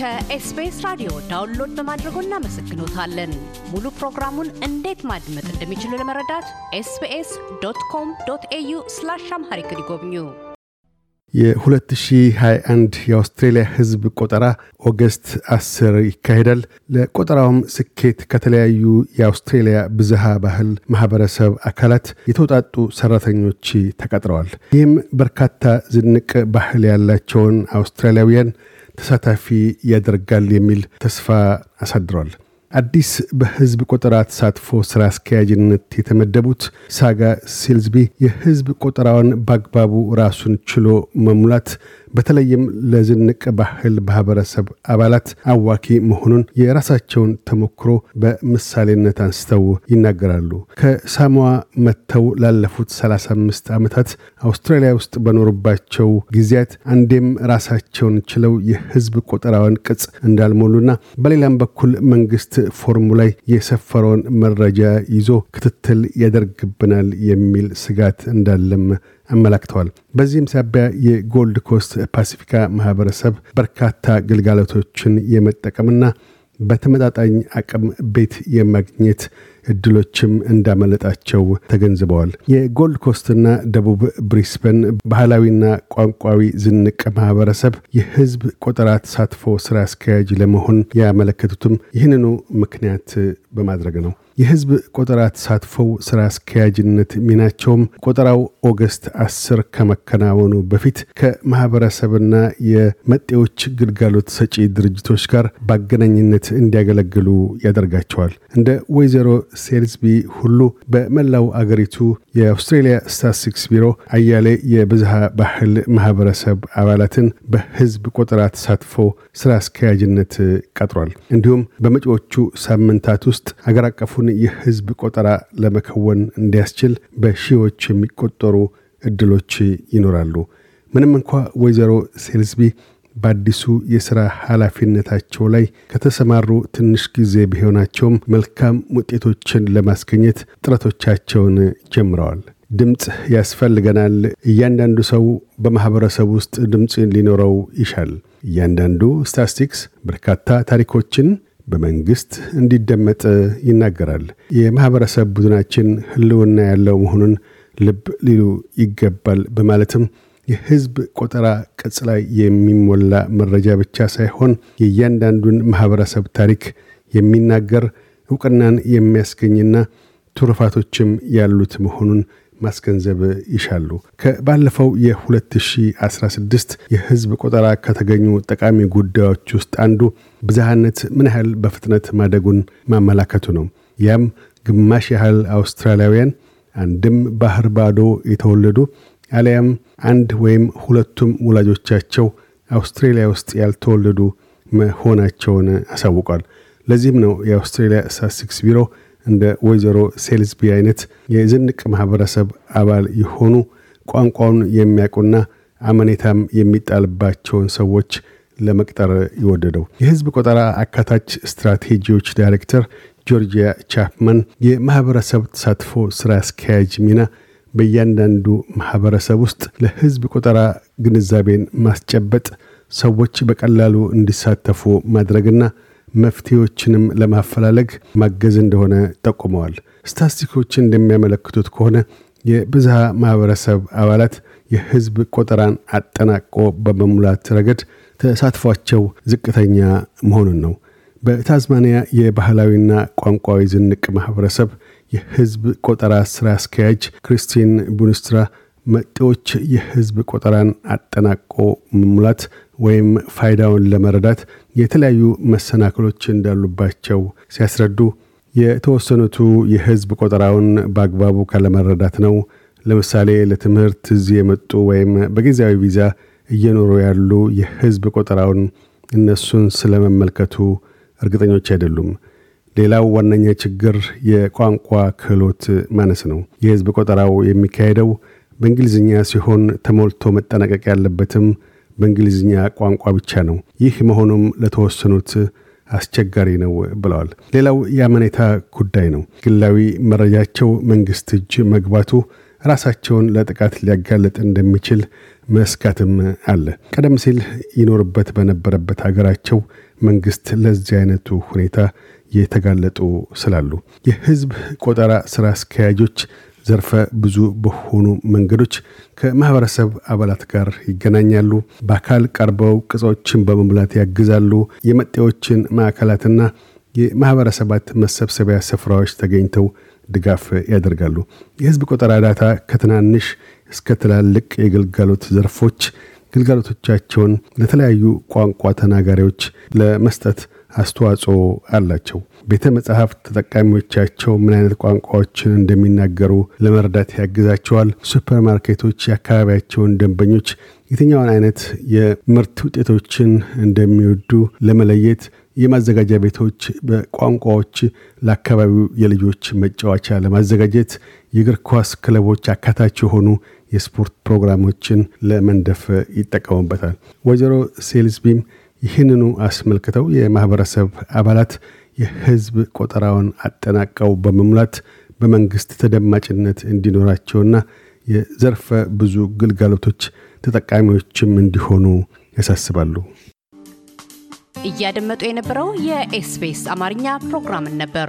ከኤስቢኤስ ራዲዮ ዳውንሎድ በማድረጎ እናመሰግኖታለን። ሙሉ ፕሮግራሙን እንዴት ማድመጥ እንደሚችሉ ለመረዳት ኤስቢኤስ ዶት ኮም ዶት ኤዩ ስላሽ አምሃሪክ ይጎብኙ። የ2021 የአውስትሬልያ ሕዝብ ቆጠራ ኦገስት 10 ይካሄዳል። ለቆጠራውም ስኬት ከተለያዩ የአውስትሬልያ ብዝሃ ባህል ማህበረሰብ አካላት የተውጣጡ ሰራተኞች ተቀጥረዋል። ይህም በርካታ ዝንቅ ባህል ያላቸውን አውስትራሊያውያን ተሳታፊ ያደርጋል የሚል ተስፋ አሳድሯል። አዲስ በህዝብ ቆጠራ ተሳትፎ ስራ አስኪያጅነት የተመደቡት ሳጋ ሴልዝቢ የህዝብ ቆጠራውን በአግባቡ ራሱን ችሎ መሙላት በተለይም ለዝንቅ ባህል ማህበረሰብ አባላት አዋኪ መሆኑን የራሳቸውን ተሞክሮ በምሳሌነት አንስተው ይናገራሉ። ከሳሞዋ መጥተው ላለፉት 35 ዓመታት አውስትራሊያ ውስጥ በኖሩባቸው ጊዜያት አንዴም ራሳቸውን ችለው የህዝብ ቆጠራውን ቅጽ እንዳልሞሉና በሌላም በኩል መንግስት ፎርሙ ላይ የሰፈረውን መረጃ ይዞ ክትትል ያደርግብናል የሚል ስጋት እንዳለም አመላክተዋል። በዚህም ሳቢያ የጎልድ ኮስት ፓሲፊካ ማህበረሰብ በርካታ ግልጋሎቶችን የመጠቀምና በተመጣጣኝ አቅም ቤት የማግኘት እድሎችም እንዳመለጣቸው ተገንዝበዋል። የጎልድ ኮስትና ደቡብ ብሪስበን ባህላዊና ቋንቋዊ ዝንቅ ማህበረሰብ የህዝብ ቆጠራ ተሳትፎ ስራ አስኪያጅ ለመሆን ያመለከቱትም ይህንኑ ምክንያት በማድረግ ነው። የህዝብ ቆጠራ ተሳትፎው ስራ አስኪያጅነት ሚናቸውም ቆጠራው ኦገስት አስር ከመከናወኑ በፊት ከማህበረሰብና የመጤዎች ግልጋሎት ሰጪ ድርጅቶች ጋር ባገናኝነት እንዲያገለግሉ ያደርጋቸዋል። እንደ ወይዘሮ ሴልዝቢ ሁሉ በመላው አገሪቱ የአውስትሬልያ ስታስቲክስ ቢሮ አያሌ የብዝሃ ባህል ማህበረሰብ አባላትን በህዝብ ቆጠራ ተሳትፎ ስራ አስኪያጅነት ቀጥሯል። እንዲሁም በመጪዎቹ ሳምንታት ውስጥ አገር አቀፉን የህዝብ ቆጠራ ለመከወን እንዲያስችል በሺዎች የሚቆጠሩ እድሎች ይኖራሉ። ምንም እንኳ ወይዘሮ ሴልዝቢ በአዲሱ የሥራ ኃላፊነታቸው ላይ ከተሰማሩ ትንሽ ጊዜ ቢሆናቸውም መልካም ውጤቶችን ለማስገኘት ጥረቶቻቸውን ጀምረዋል። ድምፅ ያስፈልገናል። እያንዳንዱ ሰው በማኅበረሰብ ውስጥ ድምፅ ሊኖረው ይሻል። እያንዳንዱ ስታስቲክስ በርካታ ታሪኮችን በመንግስት እንዲደመጥ ይናገራል። የማኅበረሰብ ቡድናችን ሕልውና ያለው መሆኑን ልብ ሊሉ ይገባል በማለትም የህዝብ ቆጠራ ቅጽ ላይ የሚሞላ መረጃ ብቻ ሳይሆን የእያንዳንዱን ማህበረሰብ ታሪክ የሚናገር እውቅናን የሚያስገኝና ትሩፋቶችም ያሉት መሆኑን ማስገንዘብ ይሻሉ። ከባለፈው የ2016 የህዝብ ቆጠራ ከተገኙ ጠቃሚ ጉዳዮች ውስጥ አንዱ ብዝሃነት ምን ያህል በፍጥነት ማደጉን ማመላከቱ ነው። ያም ግማሽ ያህል አውስትራሊያውያን አንድም ባህር ባዶ የተወለዱ አሊያም አንድ ወይም ሁለቱም ወላጆቻቸው አውስትሬልያ ውስጥ ያልተወለዱ መሆናቸውን አሳውቋል። ለዚህም ነው የአውስትሬልያ ሳሲክስ ቢሮ እንደ ወይዘሮ ሴልስቢ አይነት የዝንቅ ማህበረሰብ አባል የሆኑ ቋንቋውን የሚያውቁና አመኔታም የሚጣልባቸውን ሰዎች ለመቅጠር ይወደደው የህዝብ ቆጠራ አካታች ስትራቴጂዎች ዳይሬክተር ጆርጂያ ቻፕማን የማህበረሰብ ተሳትፎ ስራ አስኪያጅ ሚና በእያንዳንዱ ማህበረሰብ ውስጥ ለህዝብ ቆጠራ ግንዛቤን ማስጨበጥ፣ ሰዎች በቀላሉ እንዲሳተፉ ማድረግና መፍትሄዎችንም ለማፈላለግ ማገዝ እንደሆነ ጠቁመዋል። ስታስቲኮች እንደሚያመለክቱት ከሆነ የብዝሃ ማህበረሰብ አባላት የህዝብ ቆጠራን አጠናቆ በመሙላት ረገድ ተሳትፏቸው ዝቅተኛ መሆኑን ነው። በታዝማኒያ የባህላዊና ቋንቋዊ ዝንቅ ማህበረሰብ የህዝብ ቆጠራ ስራ አስኪያጅ ክርስቲን ቡንስትራ መጤዎች የህዝብ ቆጠራን አጠናቆ መሙላት ወይም ፋይዳውን ለመረዳት የተለያዩ መሰናክሎች እንዳሉባቸው ሲያስረዱ የተወሰኑቱ የህዝብ ቆጠራውን በአግባቡ ካለመረዳት ነው። ለምሳሌ ለትምህርት እዚህ የመጡ ወይም በጊዜያዊ ቪዛ እየኖሩ ያሉ የህዝብ ቆጠራውን እነሱን ስለመመልከቱ እርግጠኞች አይደሉም። ሌላው ዋነኛ ችግር የቋንቋ ክህሎት ማነስ ነው። የህዝብ ቆጠራው የሚካሄደው በእንግሊዝኛ ሲሆን ተሞልቶ መጠናቀቅ ያለበትም በእንግሊዝኛ ቋንቋ ብቻ ነው። ይህ መሆኑም ለተወሰኑት አስቸጋሪ ነው ብለዋል። ሌላው የአመኔታ ጉዳይ ነው። ግላዊ መረጃቸው መንግስት እጅ መግባቱ ራሳቸውን ለጥቃት ሊያጋለጥ እንደሚችል መስጋትም አለ። ቀደም ሲል ይኖርበት በነበረበት ሀገራቸው መንግስት ለዚህ አይነቱ ሁኔታ የተጋለጡ ስላሉ የህዝብ ቆጠራ ስራ አስኪያጆች ዘርፈ ብዙ በሆኑ መንገዶች ከማህበረሰብ አባላት ጋር ይገናኛሉ። በአካል ቀርበው ቅጾችን በመሙላት ያግዛሉ። የመጤዎችን ማዕከላትና የማህበረሰባት መሰብሰቢያ ስፍራዎች ተገኝተው ድጋፍ ያደርጋሉ። የህዝብ ቆጠራ ዳታ ከትናንሽ እስከ ትላልቅ የግልጋሎት ዘርፎች ግልጋሎቶቻቸውን ለተለያዩ ቋንቋ ተናጋሪዎች ለመስጠት አስተዋጽኦ አላቸው። ቤተ መጽሐፍት ተጠቃሚዎቻቸው ምን አይነት ቋንቋዎችን እንደሚናገሩ ለመረዳት ያግዛቸዋል። ሱፐርማርኬቶች የአካባቢያቸውን ደንበኞች የትኛውን አይነት የምርት ውጤቶችን እንደሚወዱ ለመለየት የማዘጋጃ ቤቶች በቋንቋዎች ለአካባቢው የልጆች መጫወቻ ለማዘጋጀት የእግር ኳስ ክለቦች አካታች የሆኑ የስፖርት ፕሮግራሞችን ለመንደፍ ይጠቀሙበታል። ወይዘሮ ሴልስቢም ይህንኑ አስመልክተው የማህበረሰብ አባላት የህዝብ ቆጠራውን አጠናቀው በመሙላት በመንግስት ተደማጭነት እንዲኖራቸውና የዘርፈ ብዙ ግልጋሎቶች ተጠቃሚዎችም እንዲሆኑ ያሳስባሉ። እያደመጡ የነበረው የኤስቢኤስ አማርኛ ፕሮግራምን ነበር።